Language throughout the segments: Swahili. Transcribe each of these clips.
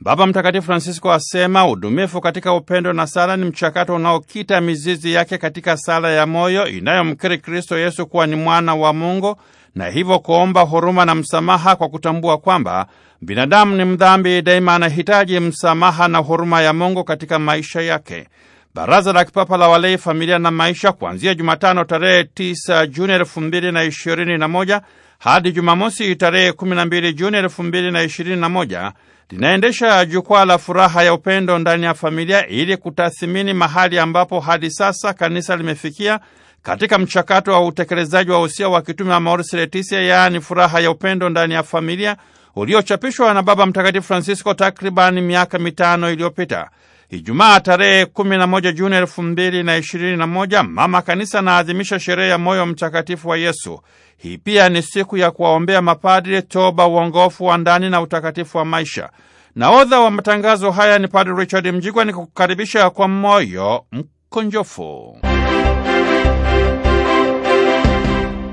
Baba Mtakatifu Francisco asema udumifu katika upendo na sala ni mchakato unaokita mizizi yake katika sala ya moyo inayomkiri Kristo Yesu kuwa ni mwana wa Mungu na hivyo kuomba huruma na msamaha kwa kutambua kwamba binadamu ni mdhambi, daima anahitaji msamaha na huruma ya Mungu katika maisha yake. Baraza la Kipapa la Walei, Familia na Maisha, kuanzia Jumatano tarehe 9 Juni 221 hadi Jumamosi tarehe 12 Juni 2021 linaendesha jukwaa la furaha ya upendo ndani ya familia ili kutathimini mahali ambapo hadi sasa kanisa limefikia katika mchakato wa utekelezaji wa usia wa kitume wa Amoris Laetitia, yaani furaha ya upendo ndani ya familia uliochapishwa na Baba Mtakatifu Francisco takribani miaka mitano iliyopita. Ijumaa tarehe 11 Juni 2021 Mama Kanisa anaadhimisha sherehe ya moyo mtakatifu wa Yesu. Hii pia ni siku ya kuwaombea mapadre toba, uongofu wa ndani na utakatifu wa maisha. Nahodha wa matangazo haya ni Padre Richard Mjigwa, ni kukukaribisha kwa moyo mkunjofu.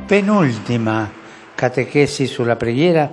Penultima katekesi sulla preghiera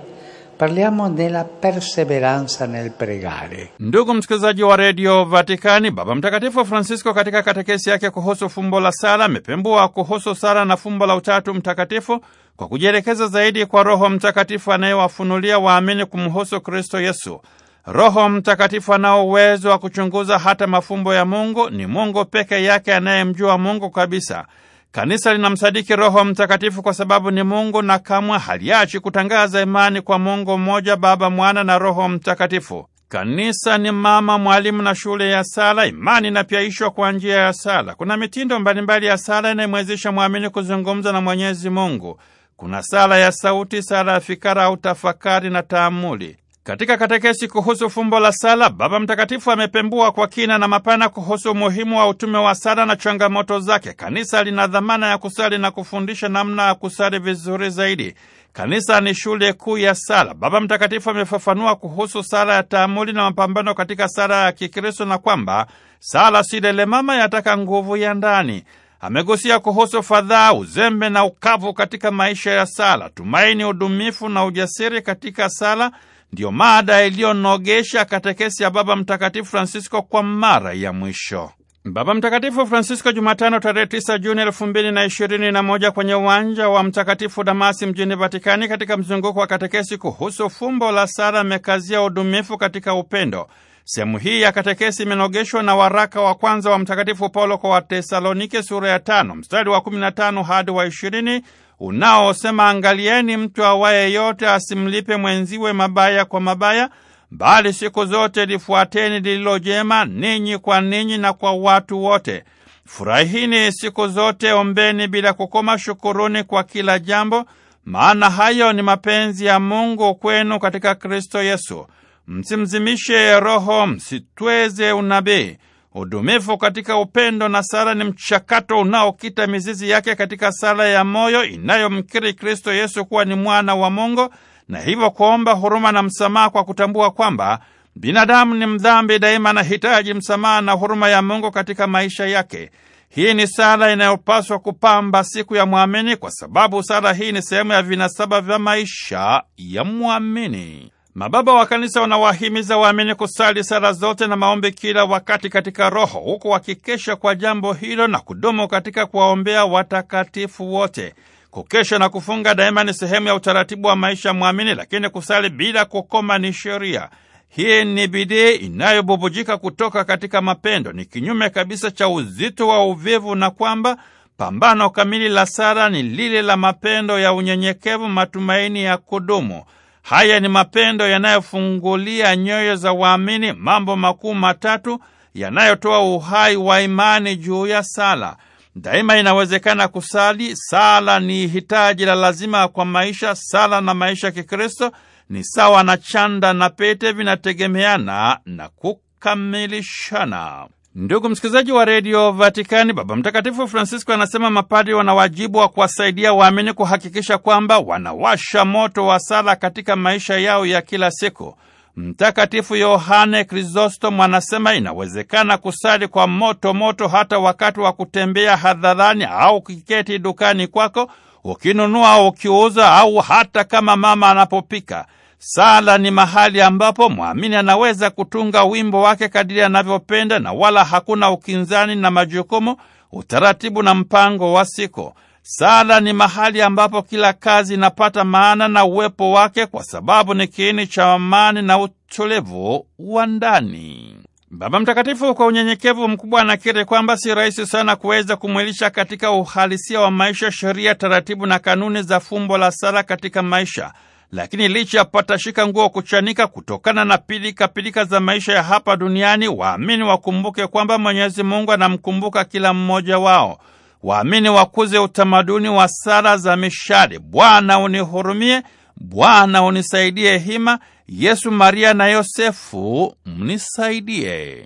Parliamo della perseveranza nel pregare. Ndugu msikilizaji wa redio Vatikani, Baba Mtakatifu Francisco katika katekesi yake kuhusu fumbo la sala amepembua kuhusu sala na fumbo la Utatu Mtakatifu kwa kujielekeza zaidi kwa Roho Mtakatifu anayewafunulia waamini kumhusu Kristo Yesu. Roho Mtakatifu anao uwezo wa kuchunguza hata mafumbo ya Mungu. Ni Mungu peke yake anayemjua Mungu kabisa. Kanisa linamsadiki Roho Mtakatifu kwa sababu ni Mungu na kamwe haliachi kutangaza imani kwa Mungu mmoja, Baba, Mwana na Roho Mtakatifu. Kanisa ni mama, mwalimu na shule ya sala. Imani inapyaishwa kwa njia ya sala. Kuna mitindo mbalimbali ya sala inayomwezesha mwamini kuzungumza na Mwenyezi Mungu. Kuna sala ya sauti, sala ya fikara au tafakari na taamuli. Katika katekesi kuhusu fumbo la sala, Baba Mtakatifu amepembua kwa kina na mapana kuhusu umuhimu wa utume wa sala na changamoto zake. Kanisa lina dhamana ya kusali na kufundisha namna ya kusali vizuri zaidi. Kanisa ni shule kuu ya sala. Baba Mtakatifu amefafanua kuhusu sala ya taamuli na mapambano katika sala ya Kikristo na kwamba sala si mama, yataka nguvu ya ndani. Amegusia kuhusu fadhaa, uzembe na ukavu katika maisha ya sala, tumaini, udumifu na ujasiri katika sala ndiyo mada iliyonogesha katekesi ya Baba Mtakatifu Francisco kwa mara ya mwisho. Baba Mtakatifu Francisco Jumatano tarehe 9 Juni moja kwenye uwanja wa Mtakatifu Damasi mjini Vatikani, katika mzunguko wa katekesi kuhusu fumbo la sala, amekazia udumifu katika upendo. Sehemu hii ya katekesi imenogeshwa na waraka wa kwanza wa Mtakatifu Paulo kwa Watesalonike sura ya tano mstari wa 15 hadi wa 20 unaosema, angalieni mtu awaye yote asimlipe mwenziwe mabaya kwa mabaya, bali siku zote lifuateni lililo jema, ninyi kwa ninyi na kwa watu wote. Furahini siku zote, ombeni bila kukoma, shukuruni kwa kila jambo, maana hayo ni mapenzi ya Mungu kwenu katika Kristo Yesu. Msimzimishe Roho, msitweze unabii Udumifu katika upendo na sala ni mchakato unaokita mizizi yake katika sala ya moyo inayomkiri Kristo Yesu kuwa ni mwana wa Mungu na hivyo kuomba huruma na msamaha kwa kutambua kwamba binadamu ni mdhambi daima, anahitaji msamaha na huruma ya Mungu katika maisha yake. Hii ni sala inayopaswa kupamba siku ya mwamini, kwa sababu sala hii ni sehemu ya vinasaba vya maisha ya mwamini. Mababa wa Kanisa wanawahimiza waamini kusali sala zote na maombi kila wakati katika Roho, huku wakikesha kwa jambo hilo na kudumu katika kuwaombea watakatifu wote. Kukesha na kufunga daima ni sehemu ya utaratibu wa maisha mwamini, lakini kusali bila kukoma ni sheria. Hii ni bidii inayobubujika kutoka katika mapendo, ni kinyume kabisa cha uzito wa uvivu, na kwamba pambano kamili la sala ni lile la mapendo ya unyenyekevu, matumaini ya kudumu. Haya ni mapendo yanayofungulia nyoyo za waamini mambo makuu matatu yanayotoa uhai wa imani juu ya sala. Daima inawezekana kusali. Sala ni hitaji la lazima kwa maisha. Sala na maisha ya Kikristo ni sawa na chanda na pete, vinategemeana na kukamilishana. Ndugu msikilizaji wa redio Vatikani, Baba Mtakatifu Francisco anasema mapadri wana wajibu wa kuwasaidia waamini kuhakikisha kwamba wanawasha moto wa sala katika maisha yao ya kila siku. Mtakatifu Yohane Krisostom anasema inawezekana kusali kwa moto moto hata wakati wa kutembea hadharani au kiketi dukani kwako, ukinunua au ukiuza, au hata kama mama anapopika. Sala ni mahali ambapo mwamini anaweza kutunga wimbo wake kadiri anavyopenda na wala hakuna ukinzani na majukumu, utaratibu na mpango wa siku. Sala ni mahali ambapo kila kazi inapata maana na uwepo wake, kwa sababu ni kiini cha amani na utulivu wa ndani. Baba Mtakatifu kwa unyenyekevu mkubwa anakiri kwamba si rahisi sana kuweza kumwilisha katika uhalisia wa maisha sheria, taratibu na kanuni za fumbo la sala katika maisha lakini licha ya patashika nguo kuchanika kutokana na pilika pilika za maisha ya hapa duniani, waamini wakumbuke kwamba Mwenyezi Mungu anamkumbuka kila mmoja wao. Waamini wakuze utamaduni wa sala za mishale: Bwana unihurumie, Bwana unisaidie hima, Yesu, Maria na Yosefu mnisaidie.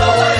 away.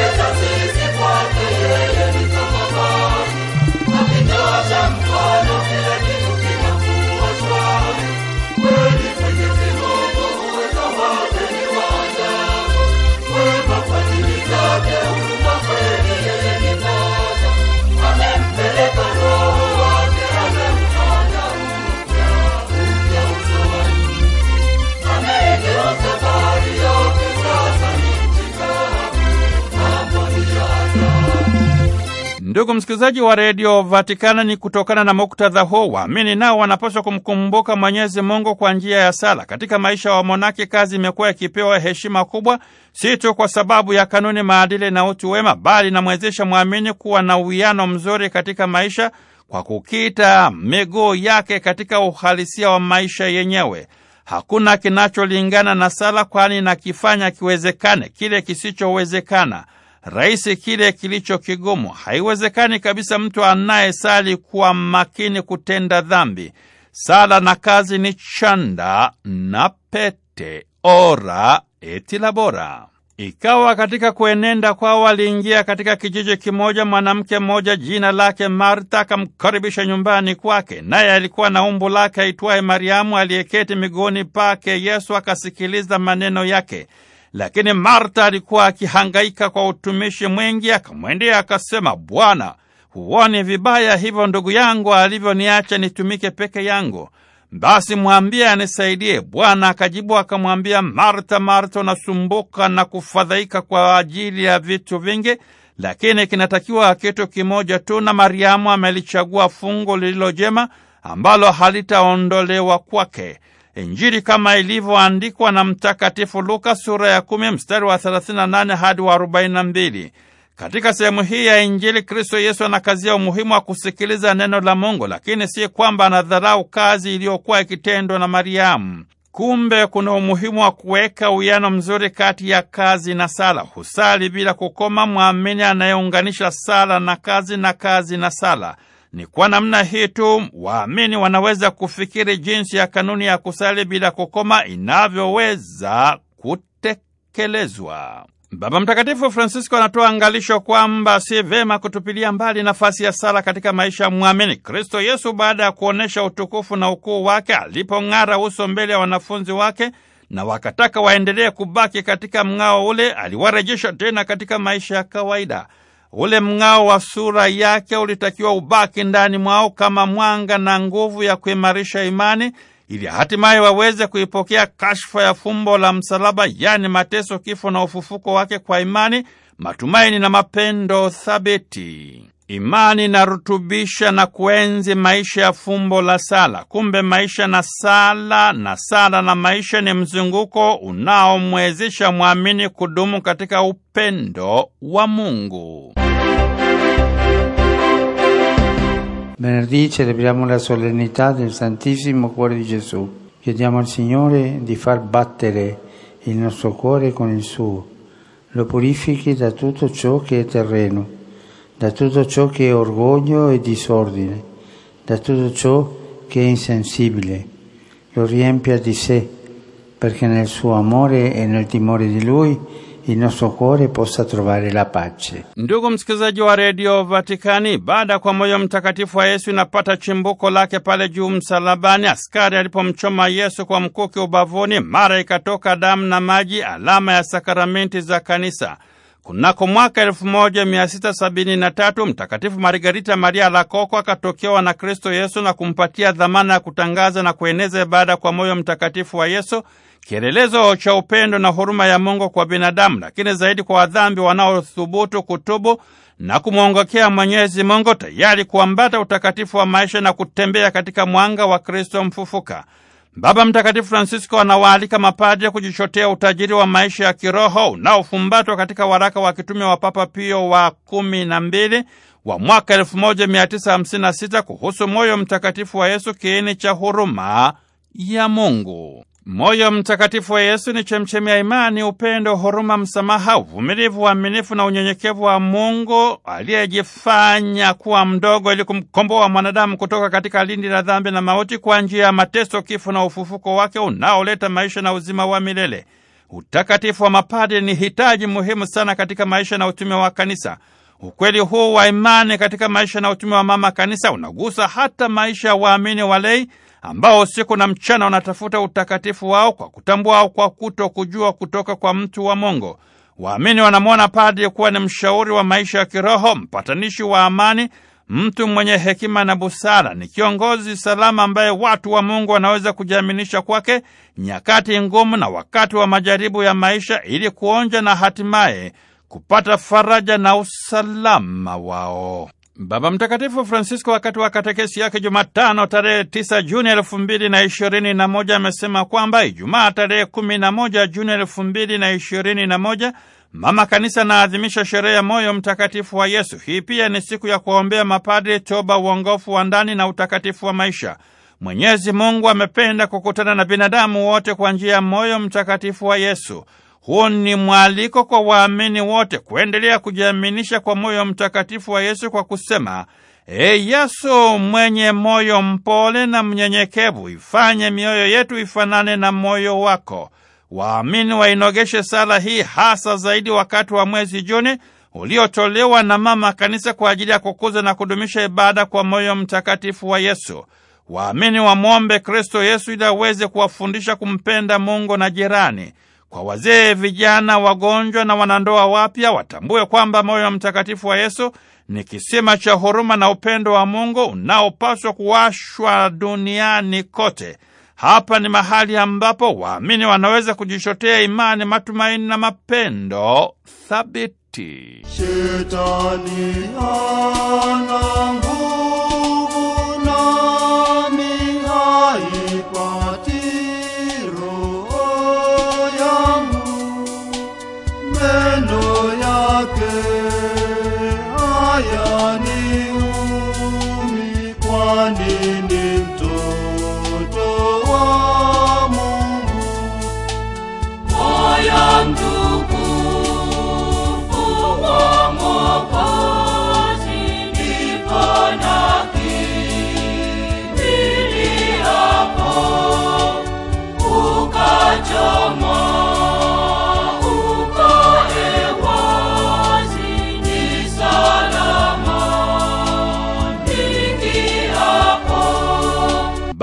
Ndugu msikilizaji wa redio Vatikana, ni kutokana na muktadha huo waamini nao wanapaswa kumkumbuka Mwenyezi Mungu kwa njia ya sala. Katika maisha wa monaki, kazi imekuwa ikipewa heshima kubwa, si tu kwa sababu ya kanuni, maadili na utu wema, bali inamwezesha mwamini kuwa na uwiano mzuri katika maisha kwa kukita miguu yake katika uhalisia wa maisha yenyewe. Hakuna kinacholingana na sala, kwani nakifanya kiwezekane kile kisichowezekana rahisi kile kilicho kigumu. Haiwezekani kabisa mtu anayesali kuwa makini kutenda dhambi. Sala na kazi ni chanda na pete, ora et labora. Ikawa katika kuenenda kwao waliingia katika kijiji kimoja mwanamke mmoja jina lake Martha akamkaribisha nyumbani kwake, naye alikuwa na umbu lake aitwaye Mariamu aliyeketi miguuni pake Yesu akasikiliza maneno yake. Lakini Marta alikuwa akihangaika kwa utumishi mwingi, akamwendea akasema, Bwana, huoni vibaya hivyo ndugu yangu alivyoniacha nitumike peke yangu? Basi mwambie anisaidie. Bwana akajibu akamwambia, Marta, Marta, unasumbuka na kufadhaika kwa ajili ya vitu vingi, lakini kinatakiwa kitu kimoja tu, na Mariamu amelichagua fungu lililo jema ambalo halitaondolewa kwake. Injili kama ilivyoandikwa na Mtakatifu Luka sura ya kumi mstari wa 38 hadi wa 42. Katika sehemu hii ya Injili, Kristo Yesu anakazia umuhimu wa kusikiliza neno la Mungu, lakini si kwamba anadharau kazi iliyokuwa ikitendwa na Mariamu. Kumbe kuna umuhimu wa kuweka uwiano mzuri kati ya kazi na sala. Husali bila kukoma mwamini anayeunganisha sala na kazi na kazi na sala. Ni kwa namna hii tu waamini wanaweza kufikiri jinsi ya kanuni ya kusali bila kukoma inavyoweza kutekelezwa. Baba Mtakatifu Francisco anatoa angalisho kwamba si vema kutupilia mbali nafasi ya sala katika maisha ya mwamini. Kristo Yesu, baada ya kuonyesha utukufu na ukuu wake, alipong'ara uso mbele ya wanafunzi wake na wakataka waendelee kubaki katika mng'ao ule, aliwarejesha tena katika maisha ya kawaida. Ule mng'ao wa sura yake ulitakiwa ubaki ndani mwao kama mwanga na nguvu ya kuimarisha imani ili hatimaye waweze kuipokea kashfa ya fumbo la msalaba, yaani mateso, kifo na ufufuko wake kwa imani, matumaini na mapendo thabiti. Imani inarutubisha na kuenzi maisha ya fumbo la sala. Kumbe maisha na sala na sala na maisha ni mzunguko unaomwezesha mwamini kudumu katika upendo wa Mungu. Venerdì celebriamo la solennità del Santissimo Cuore di Gesù. Chiediamo al Signore di far battere il nostro cuore con il suo, lo purifichi da tutto ciò che è terreno, da tutto ciò che è orgoglio e disordine, da tutto ciò che è insensibile, lo riempia di sé, perché nel suo amore e nel timore di Lui il nostro cuore possa trovare la pace. Ndugu msikilizaji wa redio Vatikani, ibada kwa moyo mtakatifu wa Yesu inapata chimbuko lake pale juu msalabani. Askari alipomchoma Yesu kwa mkuki ubavuni, mara ikatoka damu na maji, alama ya sakramenti za kanisa. Kunako mwaka 1673 Mtakatifu Margarita Maria Lakoko akatokewa na Kristo Yesu na kumpatia dhamana ya kutangaza na kueneza ibada kwa moyo mtakatifu wa Yesu, kielelezo cha upendo na huruma ya Mungu kwa binadamu, lakini zaidi kwa wadhambi wanaothubutu kutubu na kumwongokea Mwenyezi Mungu, tayari kuambata utakatifu wa maisha na kutembea katika mwanga wa Kristo mfufuka. Baba Mtakatifu Francisco anawaalika mapadre kujichotea utajiri wa maisha ya kiroho unaofumbatwa katika waraka wa kitume wa Papa Pio wa kumi na mbili wa mwaka 1956 kuhusu moyo mtakatifu wa Yesu, kiini cha huruma ya Mungu. Moyo mtakatifu wa Yesu ni chemchemi ya imani, upendo, huruma, msamaha, uvumilivu, uaminifu na unyenyekevu wa Mungu aliyejifanya kuwa mdogo ili kumkomboa mwanadamu kutoka katika lindi la dhambi na mauti kwa njia ya mateso, kifo na ufufuko wake unaoleta maisha na uzima wa milele. Utakatifu wa mapadri ni hitaji muhimu sana katika maisha na utume wa kanisa. Ukweli huu wa imani katika maisha na utume wa mama kanisa unagusa hata maisha ya waamini walei ambao usiku na mchana wanatafuta utakatifu wao kwa kutambua au kwa kujua kutoka kwa mtu wa Mungu. Waamini wanamwona padri kuwa ni mshauri wa maisha ya kiroho, mpatanishi wa amani, mtu mwenye hekima na busara. Ni kiongozi salama ambaye watu wa Mungu wanaweza kujiaminisha kwake nyakati ngumu na wakati wa majaribu ya maisha, ili kuonja na hatimaye kupata faraja na usalama wao. Baba Mtakatifu Francisco wakati wa katekesi yake Jumatano tarehe 9 Juni elfu mbili na ishirini na moja amesema kwamba Ijumaa tarehe 11 Juni elfu mbili na ishirini na moja Mama Kanisa anaadhimisha sherehe ya moyo mtakatifu wa Yesu. Hii pia ni siku ya kuwaombea mapadri, toba, uongofu wa ndani na utakatifu wa maisha. Mwenyezi Mungu amependa kukutana na binadamu wote kwa njia ya moyo mtakatifu wa Yesu. Huu ni mwaliko kwa waamini wote kuendelea kujiaminisha kwa moyo mtakatifu wa Yesu kwa kusema, E Yesu mwenye moyo mpole na mnyenyekevu, ifanye mioyo yetu ifanane na moyo wako. Waamini wainogeshe sala hii hasa zaidi wakati wa mwezi Juni uliotolewa na Mama Kanisa kwa ajili ya kukuza na kudumisha ibada kwa moyo mtakatifu wa Yesu. Waamini wamwombe Kristo Yesu ili aweze kuwafundisha kumpenda Mungu na jirani kwa wazee, vijana, wagonjwa na wanandoa wapya watambue kwamba moyo mtakatifu wa Yesu ni kisima cha huruma na upendo wa Mungu unaopaswa kuwashwa duniani kote. Hapa ni mahali ambapo waamini wanaweza kujichotea imani, matumaini na mapendo thabiti. Shetani,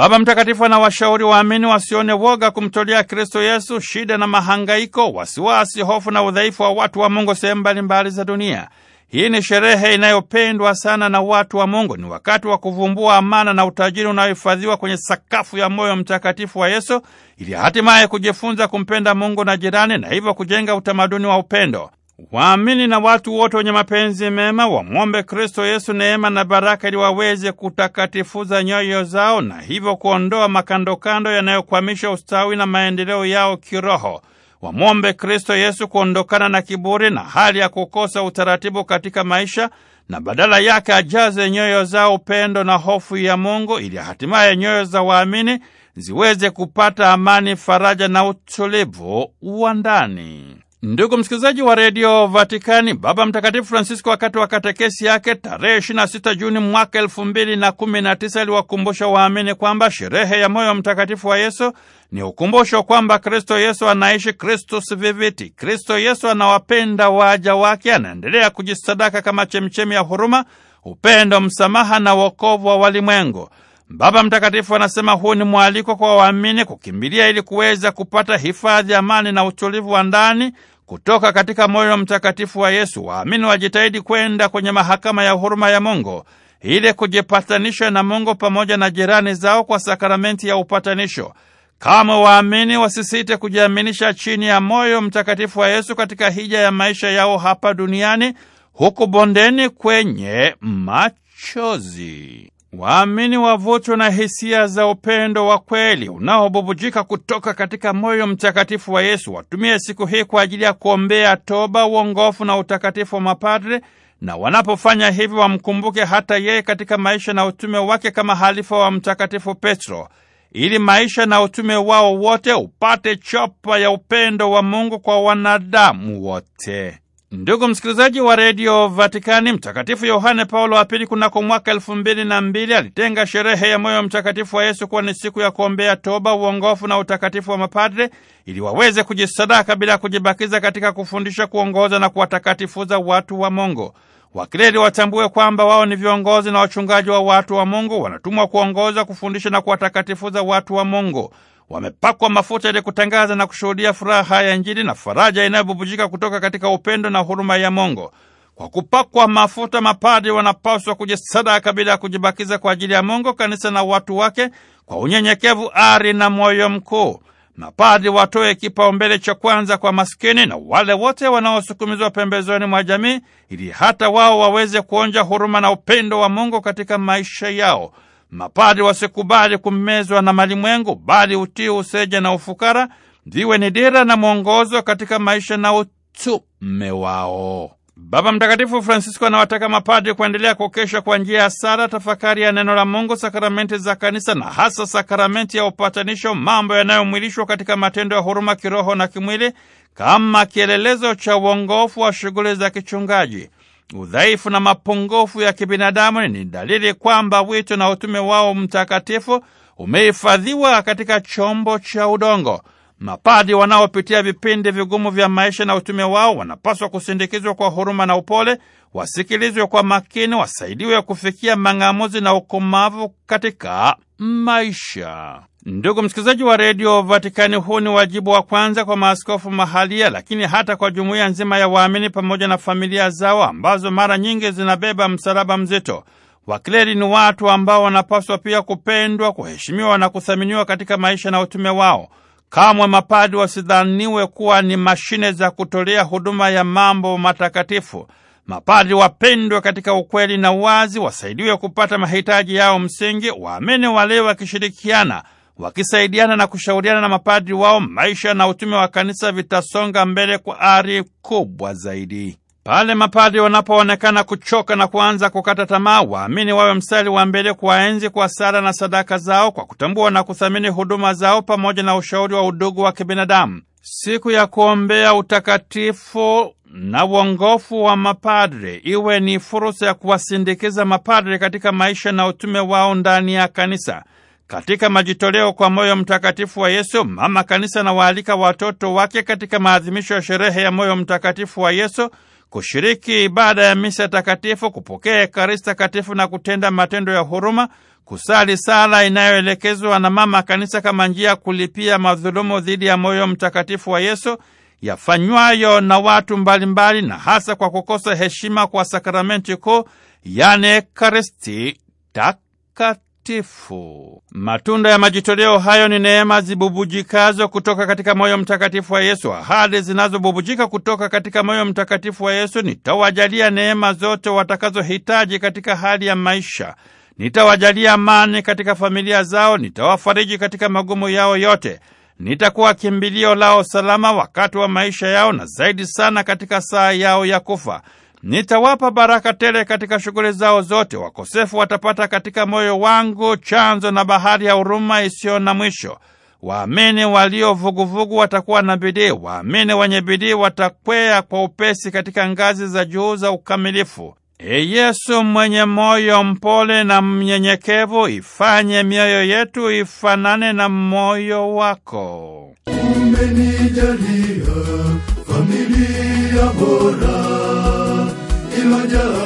Baba Mtakatifu washauri waamini wasione woga kumtolea Kristo Yesu shida na mahangaiko, wasiwasi, hofu na udhaifu wa watu wa Mungu sehemu mbalimbali za dunia. Hii ni sherehe inayopendwa sana na watu wa Mungu. Ni wakati wa kuvumbua amana na utajiri unaohifadhiwa kwenye sakafu ya moyo mtakatifu wa Yesu, ili hatimaye kujifunza kumpenda Mungu na jirani, na hivyo kujenga utamaduni wa upendo. Waamini na watu wote wenye mapenzi mema wamwombe Kristo Yesu neema na baraka ili waweze kutakatifuza nyoyo zao na hivyo kuondoa makandokando yanayokwamisha ustawi na maendeleo yao kiroho. Wamwombe Kristo Yesu kuondokana na kiburi na hali ya kukosa utaratibu katika maisha na badala yake ajaze nyoyo zao upendo na hofu ya Mungu ili hatimaye nyoyo za waamini ziweze kupata amani, faraja na utulivu wa ndani. Ndugu msikilizaji wa redio Vatikani, Baba Mtakatifu Francisco wakati wa katekesi yake tarehe 26 Juni mwaka 2019 aliwakumbusha waamini kwamba sherehe ya moyo mtakatifu wa Yesu ni ukumbusho kwamba Kristo Yesu anaishi, Kristus viviti. Kristo Yesu anawapenda waja wake, anaendelea kujisadaka kama chemchemi ya huruma, upendo, msamaha na wokovu wa walimwengu. Baba Mtakatifu anasema huu ni mwaliko kwa waamini kukimbilia ili kuweza kupata hifadhi, amani na utulivu wa ndani kutoka katika moyo mtakatifu wa Yesu. Waamini wajitahidi kwenda kwenye mahakama ya huruma ya Mungu ili kujipatanisha na Mungu pamoja na jirani zao kwa sakramenti ya upatanisho. Kama waamini wasisite kujiaminisha chini ya moyo mtakatifu wa Yesu katika hija ya maisha yao hapa duniani, huku bondeni kwenye machozi. Waamini wavutwe na hisia za upendo wa kweli unaobubujika kutoka katika moyo mtakatifu wa Yesu. Watumie siku hii kwa ajili ya kuombea toba, uongofu na utakatifu wa mapadre, na wanapofanya hivyo wamkumbuke hata yeye katika maisha na utume wake kama halifa wa Mtakatifu Petro, ili maisha na utume wao wote upate chapa ya upendo wa Mungu kwa wanadamu wote. Ndugu msikilizaji wa redio Vatikani, Mtakatifu Yohane Paulo wa Pili kunako mwaka elfu mbili na mbili alitenga sherehe ya moyo mtakatifu wa Yesu kuwa ni siku ya kuombea toba, uongofu na utakatifu wa mapadre ili waweze kujisadaka bila kujibakiza katika kufundisha, kuongoza na kuwatakatifuza watu wa Mungu. Wakleri watambue kwamba wao ni viongozi na wachungaji wa watu wa Mungu, wanatumwa kuongoza, kufundisha na kuwatakatifuza watu wa Mungu wamepakwa mafuta ili kutangaza na kushuhudia furaha ya Injili na faraja inayobubujika kutoka katika upendo na huruma ya Mungu. Kwa kupakwa mafuta, mapadi wanapaswa kujisadaka bila ya kujibakiza kwa ajili ya Mungu, kanisa na watu wake, kwa unyenyekevu, ari na moyo mkuu. Mapadi watoe kipaumbele cha kwanza kwa maskini na wale wote wanaosukumizwa pembezoni mwa jamii, ili hata wao waweze kuonja huruma na upendo wa Mungu katika maisha yao. Mapadri wasikubali kumezwa na malimwengu, bali utii, useja na ufukara viwe ni dira na mwongozo katika maisha na utume wao. Baba Mtakatifu Francisco anawataka mapadri kuendelea kukesha kwa njia ya sala, tafakari ya neno la Mungu, sakramenti za kanisa na hasa sakramenti ya upatanisho, mambo yanayomwilishwa katika matendo ya huruma kiroho na kimwili kama kielelezo cha uongofu wa shughuli za kichungaji udhaifu na mapungufu ya kibinadamu ni dalili kwamba wito na utume wao mtakatifu umehifadhiwa katika chombo cha udongo. Mapadi wanaopitia vipindi vigumu vya maisha na utume wao wanapaswa kusindikizwa kwa huruma na upole, wasikilizwe kwa makini, wasaidiwe kufikia mang'amuzi na ukomavu katika maisha. Ndugu msikilizaji wa redio Vatikani, huu ni wajibu wa kwanza kwa maaskofu mahalia, lakini hata kwa jumuiya nzima ya waamini pamoja na familia zao ambazo mara nyingi zinabeba msalaba mzito. Wakleri ni watu ambao wanapaswa pia kupendwa, kuheshimiwa na kuthaminiwa katika maisha na utume wao. Kamwe mapadi wasidhaniwe kuwa ni mashine za kutolea huduma ya mambo matakatifu. Mapadri wapendwe katika ukweli na uwazi, wasaidiwe kupata mahitaji yao msingi. Waamini wale wakishirikiana, wakisaidiana na kushauriana na mapadri wao, maisha na utume wa kanisa vitasonga mbele kwa ari kubwa zaidi. Pale mapadri wanapoonekana kuchoka na kuanza kukata tamaa, waamini wawe mstari wa mbele kuwaenzi kwa sala na sadaka zao, kwa kutambua na kuthamini huduma zao pamoja na ushauri wa udugu wa kibinadamu. Siku ya kuombea utakatifu na uongofu wa mapadre iwe ni fursa ya kuwasindikiza mapadre katika maisha na utume wao ndani ya kanisa. Katika majitoleo kwa moyo mtakatifu wa Yesu, mama kanisa na waalika watoto wake katika maadhimisho ya sherehe ya moyo mtakatifu wa Yesu kushiriki ibada ya misa takatifu, kupokea ekaristi takatifu na kutenda matendo ya huruma, kusali sala inayoelekezwa na mama kanisa kama njia ya kulipia madhulumu dhidi ya moyo mtakatifu wa Yesu yafanywayo na watu mbalimbali mbali, na hasa kwa kukosa heshima kwa sakramenti kuu, yani Ekaristi Takatifu. Matunda ya majitoleo hayo ni neema zibubujikazo kutoka katika moyo mtakatifu wa Yesu. Ahadi zinazobubujika kutoka katika moyo mtakatifu wa Yesu: nitawajalia neema zote watakazohitaji katika hali ya maisha nitawajalia amani katika familia zao, nitawafariji katika magumu yao yote nitakuwa kimbilio lao salama wakati wa maisha yao na zaidi sana katika saa yao ya kufa. Nitawapa baraka tele katika shughuli zao zote. Wakosefu watapata katika moyo wangu chanzo na bahari ya huruma isiyo na mwisho. Waamini walio vuguvugu watakuwa na bidii. Waamini wenye bidii watakwea kwa upesi katika ngazi za juu za ukamilifu. E Yesu mwenye moyo mpole na mnyenyekevu, ifanye mioyo yetu ifanane na moyo wako. Umenijalia familia bora ilojaa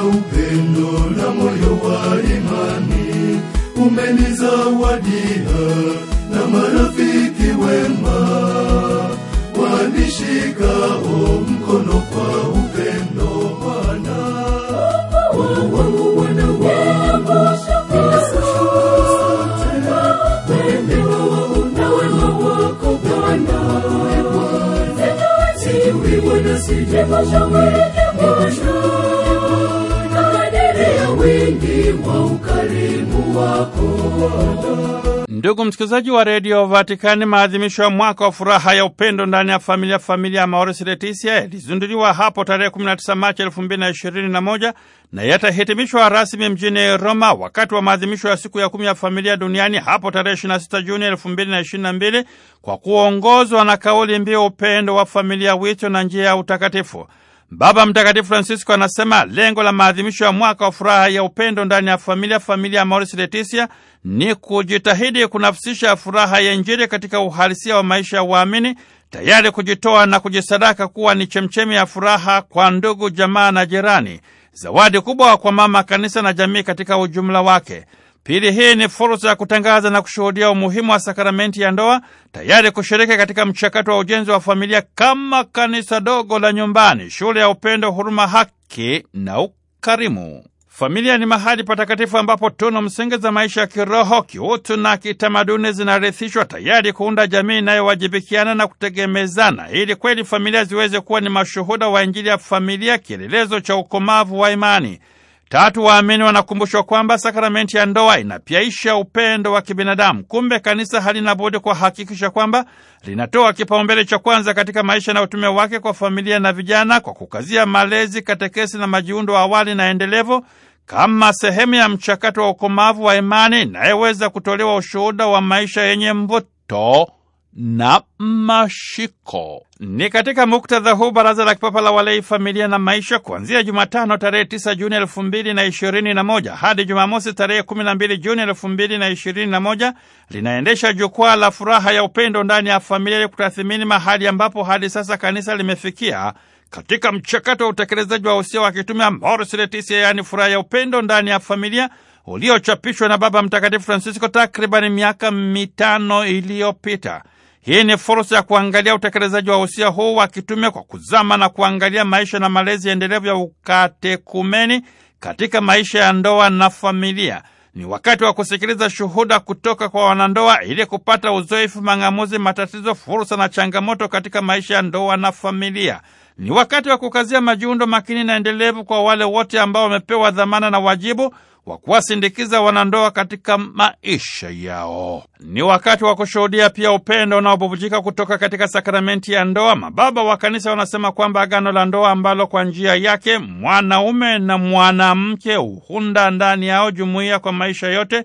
Ndugu msikilizaji wa redio Vatikani, maadhimisho ya mwaka wa furaha ya upendo ndani ya familia, familia ya Maurisi Letisia yalizinduliwa hapo tarehe 19 Machi 2021 na yatahitimishwa rasmi mjini Roma wakati wa maadhimisho ya siku ya kumi ya familia duniani hapo tarehe 26 Juni 2022 kwa kuongozwa na kauli mbiu upendo wa familia, wito na njia ya utakatifu. Baba Mtakatifu Francisco anasema lengo la maadhimisho ya mwaka wa furaha ya upendo ndani ya familia, familia ya Maurice Letisia, ni kujitahidi kunafsisha furaha ya Injili katika uhalisia wa maisha ya waamini, tayari kujitoa na kujisadaka kuwa ni chemchemi ya furaha kwa ndugu, jamaa na jirani, zawadi kubwa kwa mama kanisa na jamii katika ujumla wake. Pili, hii ni fursa ya kutangaza na kushuhudia umuhimu wa sakramenti ya ndoa, tayari kushiriki katika mchakato wa ujenzi wa familia kama kanisa dogo la nyumbani, shule ya upendo, huruma, haki na ukarimu. Familia ni mahali patakatifu ambapo tunu msingi za maisha ya kiroho, kiutu na kitamaduni zinarithishwa, tayari kuunda jamii inayowajibikiana na kutegemezana, ili kweli familia ziweze kuwa ni mashuhuda wa Injili ya familia, kielelezo cha ukomavu wa imani. Tatu, waamini wanakumbushwa kwamba sakramenti ya ndoa inapiaisha upendo wa kibinadamu. Kumbe kanisa halina budi kuhakikisha kwamba linatoa kipaumbele cha kwanza katika maisha na utume wake kwa familia na vijana, kwa kukazia malezi, katekesi na majiundo awali na endelevu kama sehemu ya mchakato wa ukomavu wa imani inayeweza kutolewa ushuhuda wa maisha yenye mvuto na mashiko. Ni katika muktadha huu Baraza la Kipapa la Walei, Familia na Maisha, kuanzia Jumatano tarehe 9 Juni 221 hadi Jumamosi tarehe 12 Juni 221 linaendesha jukwaa la furaha ya upendo ndani ya familia ili kutathimini mahali ambapo hadi sasa kanisa limefikia katika mchakato wa utekelezaji wa usia wa kitume Amoris Laetitia, yaani furaha ya upendo ndani ya familia uliochapishwa na Baba Mtakatifu Francisco takribani miaka mitano iliyopita. Hii ni fursa ya kuangalia utekelezaji wa usia huu wa kitume kwa kuzama na kuangalia maisha na malezi endelevu ya ukatekumeni katika maisha ya ndoa na familia. Ni wakati wa kusikiliza shuhuda kutoka kwa wanandoa ili kupata uzoefu, mang'amuzi, matatizo, fursa na changamoto katika maisha ya ndoa na familia. Ni wakati wa kukazia majiundo makini na endelevu kwa wale wote ambao wamepewa dhamana na wajibu kwa kuwasindikiza wanandoa katika maisha yao. Ni wakati wa kushuhudia pia upendo unaobubujika kutoka katika sakramenti ya ndoa. Mababa wa Kanisa wanasema kwamba agano la ndoa ambalo kwa njia yake mwanaume na mwanamke huunda ndani yao jumuiya kwa maisha yote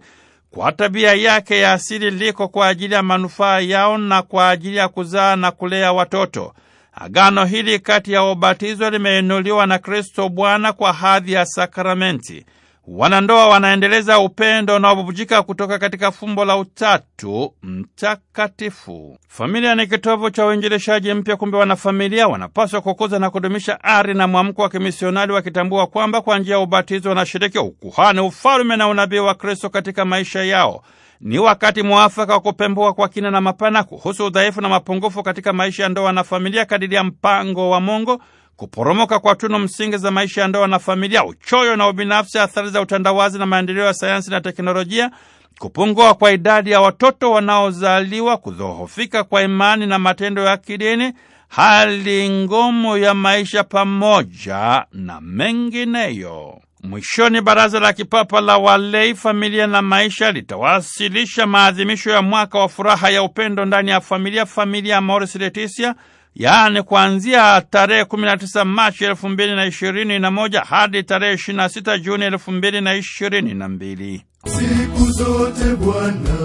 kwa tabia yake ya asili liko kwa ajili ya manufaa yao na kwa ajili ya kuzaa na kulea watoto. Agano hili kati ya ubatizo limeinuliwa na Kristo Bwana kwa hadhi ya sakramenti. Wanandoa wanaendeleza upendo unaobubujika kutoka katika fumbo la Utatu Mtakatifu. Familia ni kitovu cha uinjilishaji mpya. Kumbe wanafamilia wanapaswa kukuza na kudumisha ari na mwamko wa kimisionari, wakitambua kwamba kwa njia ya ubatizo wanashiriki ukuhani, ufalume na unabii wa Kristo katika maisha yao. Ni wakati mwafaka wa kupembua kwa kina na mapana kuhusu udhaifu na mapungufu katika maisha ya ndoa na familia kadiri ya mpango wa Mungu kuporomoka kwa tunu msingi za maisha ya ndoa na familia, uchoyo na ubinafsi, athari za utandawazi na maendeleo ya sayansi na teknolojia, kupungua kwa idadi ya watoto wanaozaliwa, kudhoofika kwa imani na matendo ya kidini, hali ngumu ya maisha pamoja na mengineyo. Mwishoni, Baraza la Kipapa la Walei, Familia na Maisha litawasilisha maadhimisho ya mwaka wa furaha ya upendo ndani ya familia, Familia Amoris Laetitia yaani kuanzia tarehe 19 Machi 2021 hadi tarehe 26 Juni 2022. Siku zote Bwana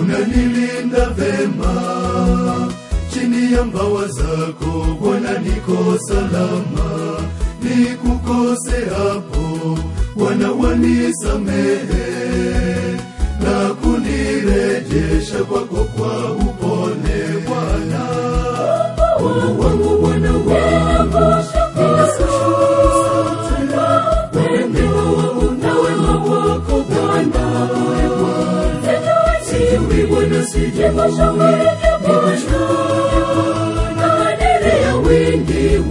unanilinda vema, chini ya mbawa zako Bwana niko salama, nikukose hapo Bwana wanisamehe na kunirejesha kwako kwa kwa wangu wangu Bwana wema,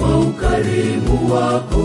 wa ukarimu wako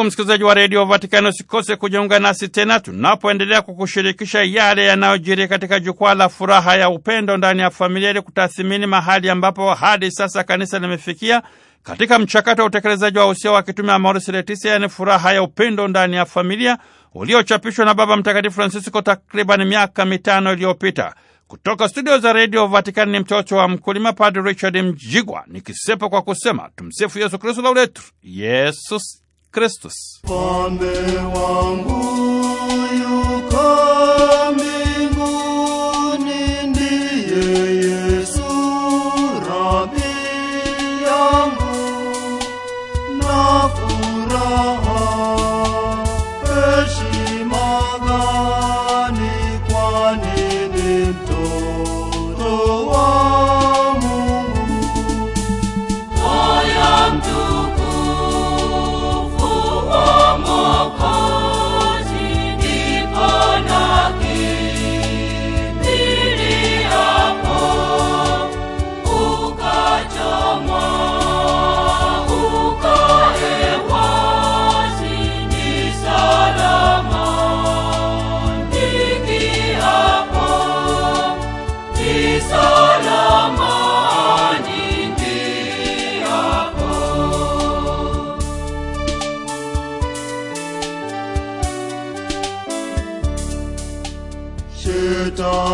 Ndugu msikilizaji wa redio Vatikani, usikose kujiunga nasi tena tunapoendelea kukushirikisha yale yanayojiri katika jukwaa la furaha ya upendo ndani ya familia, ili kutathimini mahali ambapo hadi sasa kanisa limefikia katika mchakato wa utekelezaji wa usia wa kitume Amoris Laetitia, yaani furaha ya upendo ndani ya familia, uliochapishwa na Baba Mtakatifu Francisco takriban miaka mitano iliyopita. Kutoka studio za redio Vatikani ni mtoto wa mkulima, Padre Richard Mjigwa, nikisepa kwa kusema tumsifu Yesu Kristu, lauletu Yesus Christus.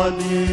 Padre.